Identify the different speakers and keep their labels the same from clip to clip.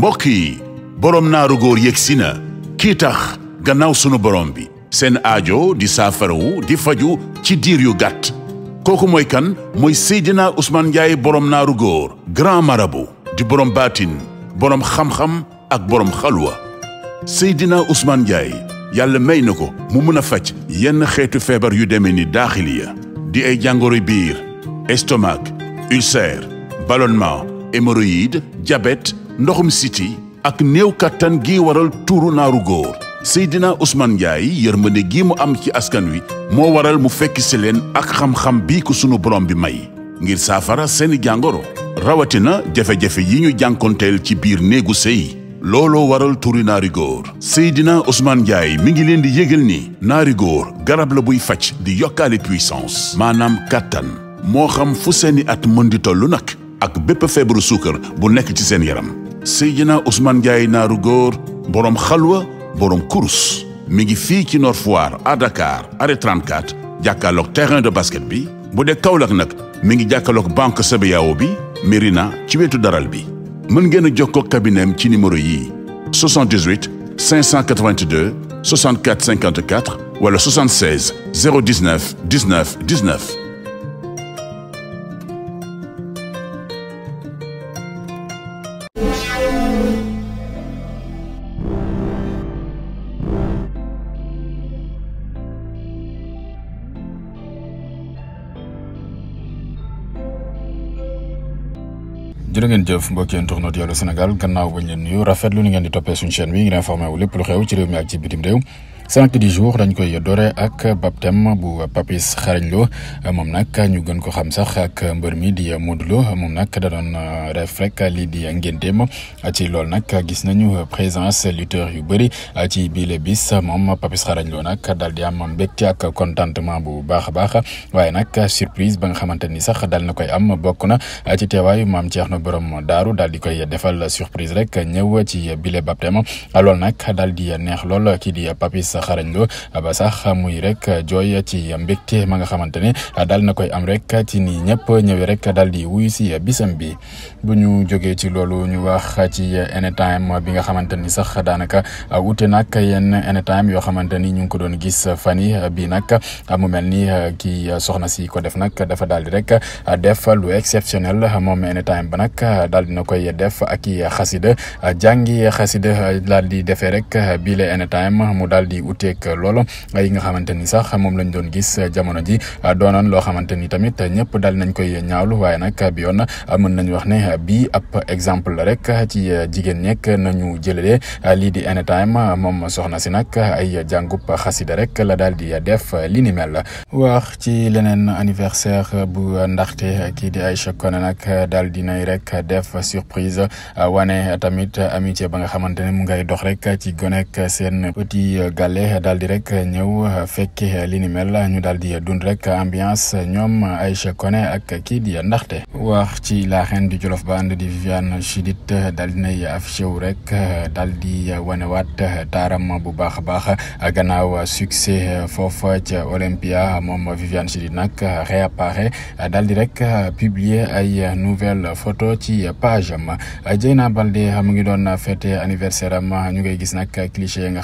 Speaker 1: mbokk yi borom naaru góor si na kii tax gannaaw sunu borom bi seen aajo di saafarawu di faju ci diir yu gàtt kooku mooy kan mooy Seydina Ousmane Ndiaye borom naaru góor grand marabout di borom baatin borom xam-xam ak borom xalwa Seydina usmaan Ndiaye yàlla may na ko mu mën a faj yenn xeetu feebar yu demee ni daaxiliya di ay jàngoro biir estomac ulcère ballonnement hémorroïde diabète ndoxum siti ak néew kattan gi waral tuuru naaru góor Seydina Ousmane Ndiaye yërmande gi mu am ci askan wi moo waral mu fekk si leen ak xam-xam bii ko sunu borom bi may ngir saafara seeni jàngoro rawatina jafe-jafe yi ñu jànkonteel ci biir néegu sëy looloo waral turi naari góor Seydina Ousmane Ndiaye mi ngi leen di yëgal ni naari góor garab la buy faj di yokkaale puissance maanaam kàttan moo xam fu seeni at mën di tollu nag ak bépp feebaru suukar bu nekk ci seen yaram Seydina Ousmane Ndiaye naaru góor borom xalwa borom kurus mi ngi fii ci Nord Foire à Dakar arrêt 34 jàkkaarloog terrain de basket bi bu dee Kaolack nag mi ngi jàkkaarloog banque CBAO bi Mérina ci wetu daral bi mën ngeen a jokkoo kabineem ci numéro yii 78 582 64 54 wala 76 019 19
Speaker 2: jërë ngeen jëf mbokki internet Allô Sénégal gannaaw bañ leen nuyu lu ni ngeen di toppee suñu chaîne bi ngir informé wu lépp xew ci mi ak ci sank di jours dañ koy dore ak baptême bu Papis Xarañ Lo moom nag ñu gën ko xam sax ak mbër mi di Modou Lo moom nag da doon ref euh, rek lii di ngénteem ci loolu nag gis nañu présence lutteur yu bëri ci biile bis moom Papis Xarañ Lo nag daal di am mbégte ak contentement bu baax a baax waaye nag surprise ba nga xamante ni sax dal na koy am bokk na a ci teewaayu maam Thierno borom daaru daal di koy defal surprise rek ñëw ci biile baptême loolu nag daal di neex lool kii xarañ lo ba sax muy rek jooy ci mbégte ma nga xamante ne daal na koy am rek ci nii ñëpp ñëwee rek daal di wuyu si bisam bi bu ñu jógee ci loolu ñu wax ci anytime bi nga xamante ni sax daanaka wute nag yenn anytime yoo xamante ni ñu ngi ko doon gis fan yi bii nag mu mel ni kii soxna si ko def nag dafa daal di rek def lu exceptionnel moom anytime ba nag a dina koy def ak i xasida a xasida a di defee rek bii la anytime mu daal di uteeg loola yi nga xamante ni sax moom lañ doon gis jamono ji a loo xamante ni tamit ñëpp daal nañ koy ñaawlu waaye nag bi a mën nañu wax ne bii ab exemple la rek ci jigéen ñekk nañu jëlalee lii di a moom soxna si nag ay jàngub xasida la daal di def li ni mel wax ci leneen anniversaire bu ndaxte kii di Aïcha Koné nag daal di nay rek def surprise wane tamit amitié ba nga xamante ne mu ngay dox rek ci gonek seen petit gàlle loolee daal di rek ñëw euh, fekki li ni mel ñu daal dund rek ambiance ñoom Aïcha Koné ak kii di ndaxte wax ci la reine du Jolof band di Viviane Chidid daal di nay affiché wu rek daal di wanewaat taaram bu baax a baax gannaaw succès foofa ca Olympia moom Viviane Chidid nag réapparaît daal di rek publier ay nouvelle photo ci page am Dieyna Baldé mu ngi doon fête anniversaire am ñu ngay gis nag cliché nga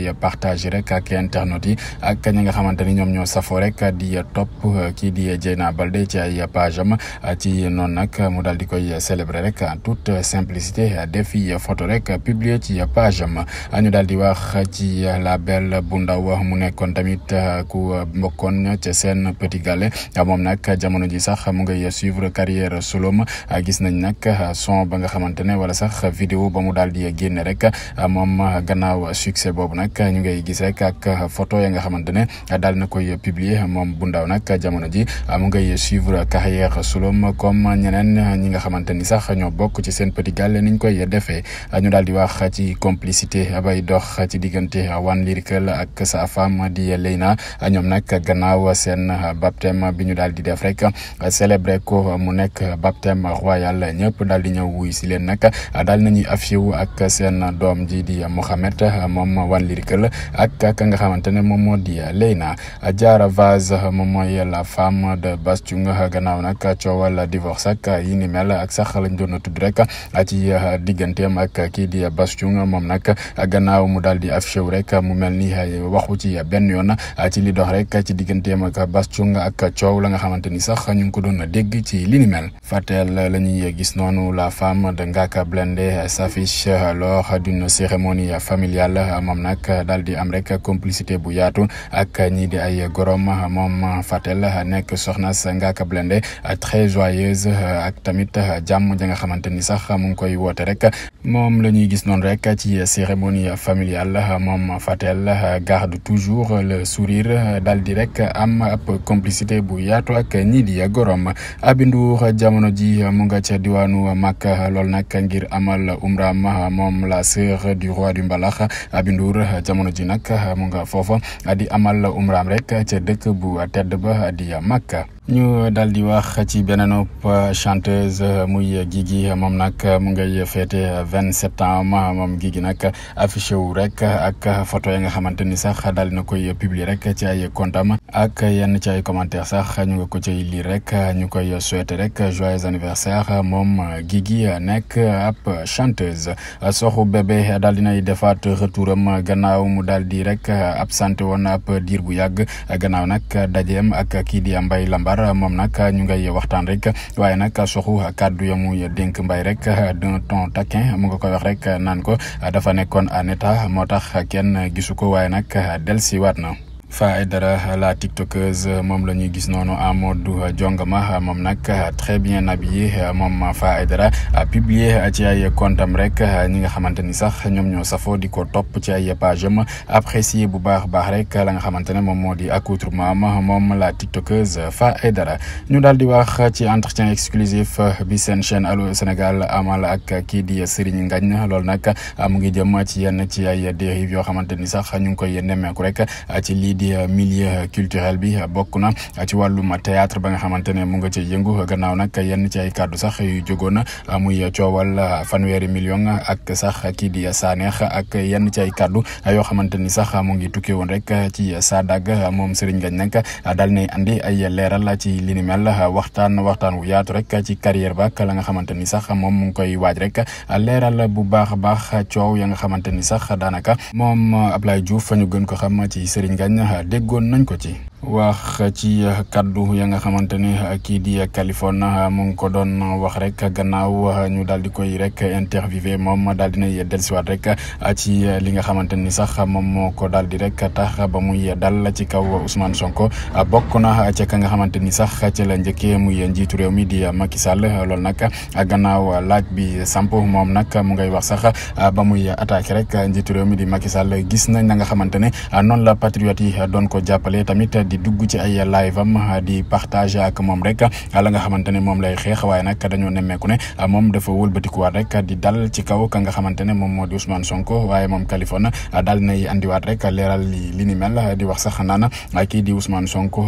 Speaker 2: koy partager rek ak internet yi ak ñi nga xamante ni ñoom ñoo safoo rek di topp euh, kii di Dieyna Baldé ci ay page am euh, ci noonu nag mu daal di koy célébrer rek en toute simplicité euh, defi photo rek publier ci page am ñu daal di wax ci la belle bu ndaw mu nekkoon tamit ku mbokkoon ca seen Petit Galle moom nag jamono ji sax mu ngay suivre carrière solom gis nañ nag son ba nga xamante ne wala sax vidéo ba mu daal di génne rek moom gannaaw succès boobu nag ñu ngay gis rek ak euh, photo ya nga xamante ne daal na koy publier moom bu ndaw nag jamono ji euh, mu ngay suivre carrière sulom comme ñeneen ñi nga xamante ni sax ñoo bokk ci seen petit gàlle niñ koy defee ñu daal di wax ci complicité bay dox ci diggante One Lyrical ak sa femme di Leina ñoom nag gannaaw seen baptême bi ñu daal di def rek célébré ko mu nekk baptême royal ñëpp daal di ñëw wuy si leen nag daal na affiché wu ak seen doom ji di Mohamed moom One Lyrical Miracle ak ka nga xamante ne moom moo di Leyna a Vaz moom mooy la femme de Bass Thioung gannaaw nag coowal divorce ak yi ni mel ak sax lañ doon a tudd rek ci digganteem ak kii di Bass Thioung moom nag gannaaw mu daal di affiché rek mu mel ni waxu ci benn yoon ci li dox rek ci digganteem ak Bass ak coow la nga xamante ni sax ñu ngi ko doon a dégg ci li ni mel fàtteel la ñuy gis noonu la femme de Ngaaka Blindé s'affiche lors d'une cérémonie familiale moom nag nag daal di am rek complicité bu yaatu ak ñii di ay gorom moom Fatel nekk soxna sa Ngaaka Blindé très joyeuse ak tamit jàmm ja nga xamante ni sax mu koy woote rek moom la ñuy gis noonu rek ci familial familiale moom Fatel garde toujours le sourire daal di rek am complicité bu yaatu ak ñii di gorom abinduur jamono ji mu nga ca diwaanu Makka lool nag ngir amal umraam moom la sœur du roi du mbalax abinduur jamono ji nag ah, mu nga foofa ah, di amal umraam rek ca dëkk bu tedd ba ah, di Makka ñu daal di wax ci beneen chanteuse muy Guigui moom nag mu ngay féete vingt sept ans moom Guigui nag affiché wu rek ak foto ya nga xamante ni sax daal na koy publier rek ci ay comptam ak yenn ci ay commentaire sax ñu nga ko cay lire rek ñu koy souhaiter rek joyeux anniversaire moom Guigui nekk ab chanteuse soxu bébé daal dinay defaat retouram gannaaw ginnaaw mu daal di rek euh, absente woon ab diir bu yàgg gannaaw nag dajeem ak kii di Mbaye Lambar moom nag ñu ngay waxtaan rek waaye nag soxu kàddu ya muy dénk mbay rek d'un ton taquin mu nga koy wax rek naan ko dafa nekkoon en état moo tax kenn gisu ko waaye nag dellusiwaat na. Fa Aidara la tiktokeuse moom la ñuy gis noonu en mode jongama moom nag très bien habillé moom Fa Aidara a publié ci ay comptam rek ñi nga xamante ni sax ñoom ñoo safoo di ko topp ci ay page am apprécié bu baax baax rek la nga xamante ne moom moo di ma moom la tiktokeuse Fa Aidara ñu daal di wax ci entretien exclusif bi seen chaîne Allô Sénégal amal ak kii di Serigne Ngagne loolu nag mu ngi jëm ci yenn ci ay dérive yoo xamante ni sax ñu ngi koy nemmeeku rek di eh, milieu eh, culturel bi eh, bokk na ci wàllum théâtre ba nga xamante ne mu nga ci yëngu a nag yenn ci ay kàddu sax yu jógoon muy coowal fanweeri million di Sanex ak yenn ci ay kàddu yoo xamante ni sax mu ngi tukkee woon rek ci Sadag moom Serigne Ngagne nag daal nay andi ay leeral ci li ni mel waxtaan waxtaan wu yaatu rek ci carrière ba ak la nga ni sax moom mu ngi koy waaj rek leeral bu baax a baax coow ya nga xamante a sax daanaka moom Ablaye Diouf fa ñu ko xam ci Serigne Ngagne Taha déggoon nañ ko ci wax ci kaddu ya nga xamante ni kii di Kaliphone mu ngi ko doon wax rek gannaaw ñu daal di koy rek interviewé moom daal di nay dellusiwaat rek ci li nga xamante ni sax moom moo ko daal di rek tax ba muy dal ci kaw Ousmane Sonko bokk na ca ka nga xamante ni sax la njëkkee muy njiitu rew mi di Macky Sall loolu nag gannaaw laaj bi sampo moom nag mu ngay wax sax a ba muy attaqué rek njiitu réew mi di Macky Sall gis nañ na nga xamante ne noonu la patriot yi doon ko jàppale tamit. di dugg ci ay live am di partager ak moom rek la nga xamante ne moom lay xeex waaye nag dañoo nemmeeku ne moom dafa wëlbatikuwaat rek di dal ci kaw ka nga xamante ne moom moo di Ousmane Sonko waaye moom Californie daal nay andiwaat rek leeral li li ni mel di wax sax kii di Ousmane Sonko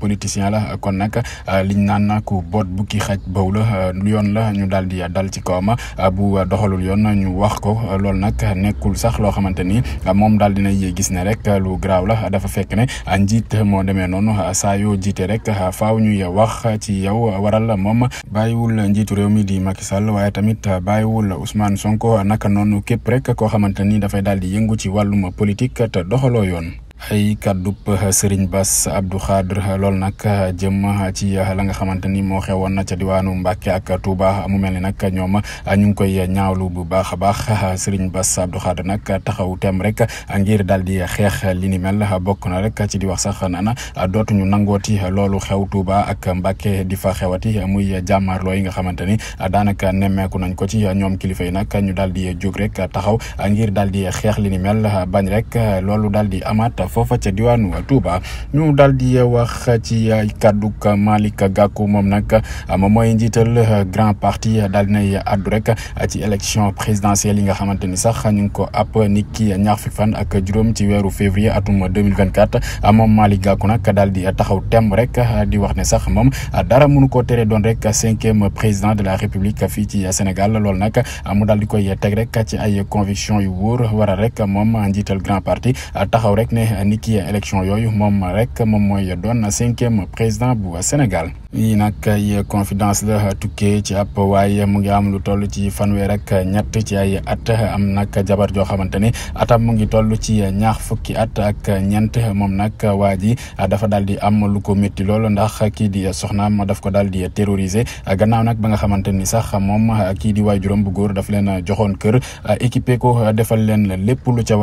Speaker 2: politicien la kon nag liñ naan ku boot bu ki xaj baw la yoon la ñu daal di dal ci kawam bu doxalul yoon ñu wax ko loolu nag nekkul sax loo xamante ni moom daal dinay gis ne rek lu garaaw la dafa fekk ne njiit moo demee noonu saa yoo jiite rek faaw ñuy wax ci yow waral moom bàyyiwul njiitu réew mi di Macky Sall waaye tamit bàyyiwul Ousmane Sonko naka noonu képp rek koo xamante ni dafay daal di yëngu ci wàllum politique te doxaloo yoon. ay kàddup Serigne Bass Abdou Khadre loolu nag jëm ci la nga xamante ni moo xewoon ca diwaanu Mbacke ak Touba mu mel ni nag ñoom ñu ngi koy ñaawlu bu baax a baax Serigne Bass Abdou nag taxaw tem rek ngir daal di xeex li ni mel bokk na rek ci di wax sax naan dootuñu nangooti loolu xew Touba ak Mbacke di fa xewati muy jàmmaarloo yi nga xamante ni daanaka nemmeeku nañ ko ci ñoom kilifa yi nag ñu daal di jóg rek taxaw ngir daal di xeex li ni mel bañ rek loolu daal amaat. foofa ca diwaanu Touba ñu daal di wax ci kàdduk Malick Gakou moom nag moom mooy njiital grand parti daal dinay àddu rek ci élection présidentielle yi nga xamante ni sax ñu ngi ko app nit ki ñaar fi fan ak juróom ci weeru février atum 2024 moom Malick Gakou nag daal di taxaw tem rek di wax ne sax moom dara mënu ko tere doon rek cinquième président de la république fii ci Sénégal loolu nag amu daal di koy teg rek ci ay conviction yu wóor waral rek moom njiital grand parti taxaw rek ne ni ki élection yooyu moom rek moom mooy doon cinquième président bu Sénégal yi nag ay confidence la tukkee ci ab waaye mu ngi am lu toll ci fanweer ak ñett ci ay at am nag jabar joo xamante ni atam mu ngi toll ci ñaax fukki at ak ñeent moom nag waa ji dafa daal di am lu ko métti lool ndax kii di soxnaam daf ko daal di terroriser gannaaw nag ba nga xamante ni sax moom kii di waajuram bu góor daf leen joxoon kër équipe ko defal leen lépp lu ca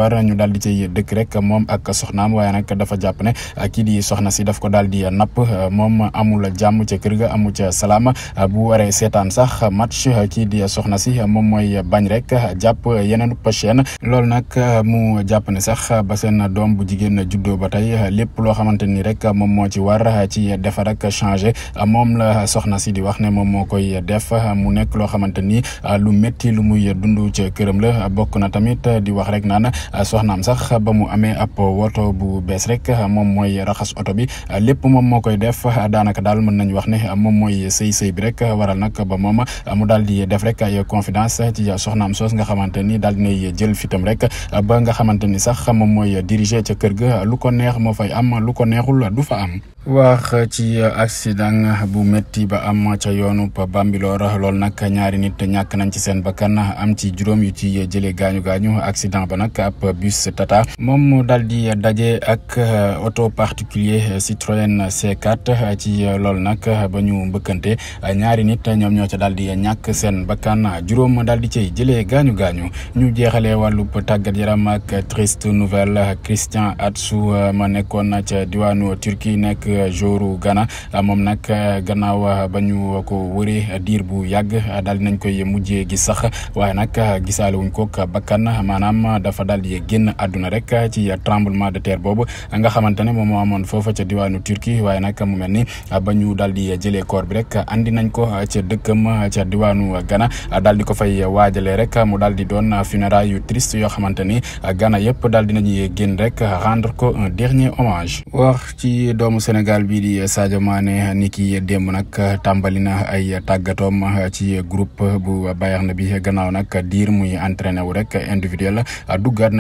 Speaker 2: soxnaam waaye nag dafa jàpp ne ah, kii di soxna si daf ko daal di napp ah, moom amul a jàmm ca kër ga amu ca salaam ah, bu waree seetaan sax match kii di soxna si moom mooy bañ rek jàpp yeneen chaîne loolu nag mu jàpp ne sax ba seen doom bu jigéen juddoo ba tey lépp loo xamante ni rek moom moo ci war ci defar ak changer moom la soxna si di wax ne moom moo koy def mu nekk loo xamante ni lu métti lu muy dund ca këram la bokk na tamit di wax rek naan soxnaam sax ba oto bu bees rek moom mooy raxas oto bi lépp moom moo koy def daanaka daal mën nañu wax ne moom mooy sëy sëy bi rek waral nag ba moom mu daal di def rek ay confidence ci soxnaam soos nga xamante ni daal jël fitam rek ba nga xamante ni sax moom mooy diriger ca kër ga lu ko neex moo fay am lu ko neexul du fa am. wax ci accident bu métti ba am ca yoonu Bambilor loolu nag ñaari nit ñàkk nañ ci seen bakkan am ci juróom yu ci jëlee gaañu gaañu accident ba nag ab daje ak euh, auto particulier euh, Citroën C4 euh, ci loolu nag ba ñu mbëkkante ñaari nit ñoom ñoo ca daal di ñàkk seen bakkan juróom daal di cay jëlee gaañu gaañu ñu jeexalee wàllub tàggat yaram ak triste nouvelle Christian Atsu ma nekkoon ca diwaanu Turquie nekk joru gana moom nag gannaaw ba ñu ko wëre diir bu yàgg daal di nañ koy mujjee gis sax waaye nag gisaale wuñ ko bakkan maanaam dafa daal génn àdduna rek ci tremblement tremblement de terre boobu nga xamante ne moom moo amoon foofa ca diwaanu Turquie waaye nag mu mel a ba ñu daal di jëlee corps bi rek andi nañ ko ca dëkkam ca diwaanu Ghana daal di ko fay waajalee rek mu daal di doon funérailles yu triste yoo xamante ni Ghana yëpp daal di nañuy génn rek rendre ko un dernier hommage. wax ci doomu Sénégal bi di ma ne ni ki démb nag tàmbali na ay tàggatoom ci groupe bu Bayern bi gannaaw nag diir muy entraîné wu rek individuel duggaat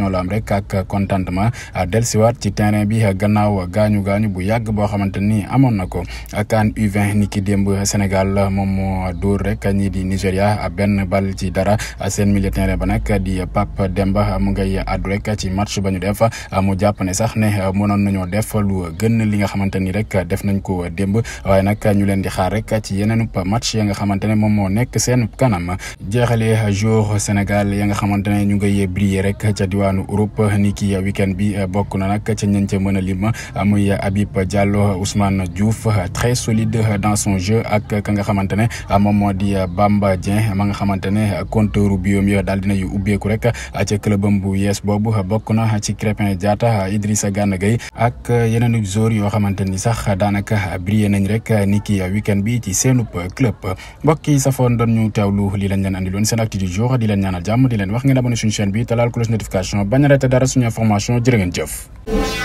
Speaker 2: satisfaction la am rek ak contentement ah, dellusiwaat ci terrain bi ah, gannaaw a gaañu gaañu bu yàgg boo xamante ni amoon na ko CAN ah, U20 ni ki démb Sénégal moom moo door rek ñii di Nigéria benn bal ci dara seen milieu terrain ba nag di Pape Demba mu ngay àddu rek ci match ba ñu def mu jàpp ne sax ne mënoon nañoo def lu gën li nga xamante ni rek def nañ ko démb waaye nag ñu leen di xaar rek ci yeneen match ya nga xamante ne moom moo nekk seen kanam jeexale jour Sénégal ya xamante ne ñu diwaanu Europe ni ki weekend bi eh, bokk na nag ca ñan ca mën a lim eh, muy Habib Diallo Ousmane Diouf eh, très solide dans son jeu ak ka nga xamante ne moom moo di Bamba Dieng ma nga xamante ne compteur biom ya daal dinayu ubbeeku rek ca clubam bu yees boobu bokk na ci Crépin Diatta Idrissa Gana Gueye ak yeneen joueurs yoo xamante sax daanaka brillé nañ rek ni ki weekend bi ci seenub club mbokk yi safoon doon ñu teewlu li lañ leen andi loon seen acte di leen ñaanal jàmm bañ a rete dara suñu information jërë ngeen jëf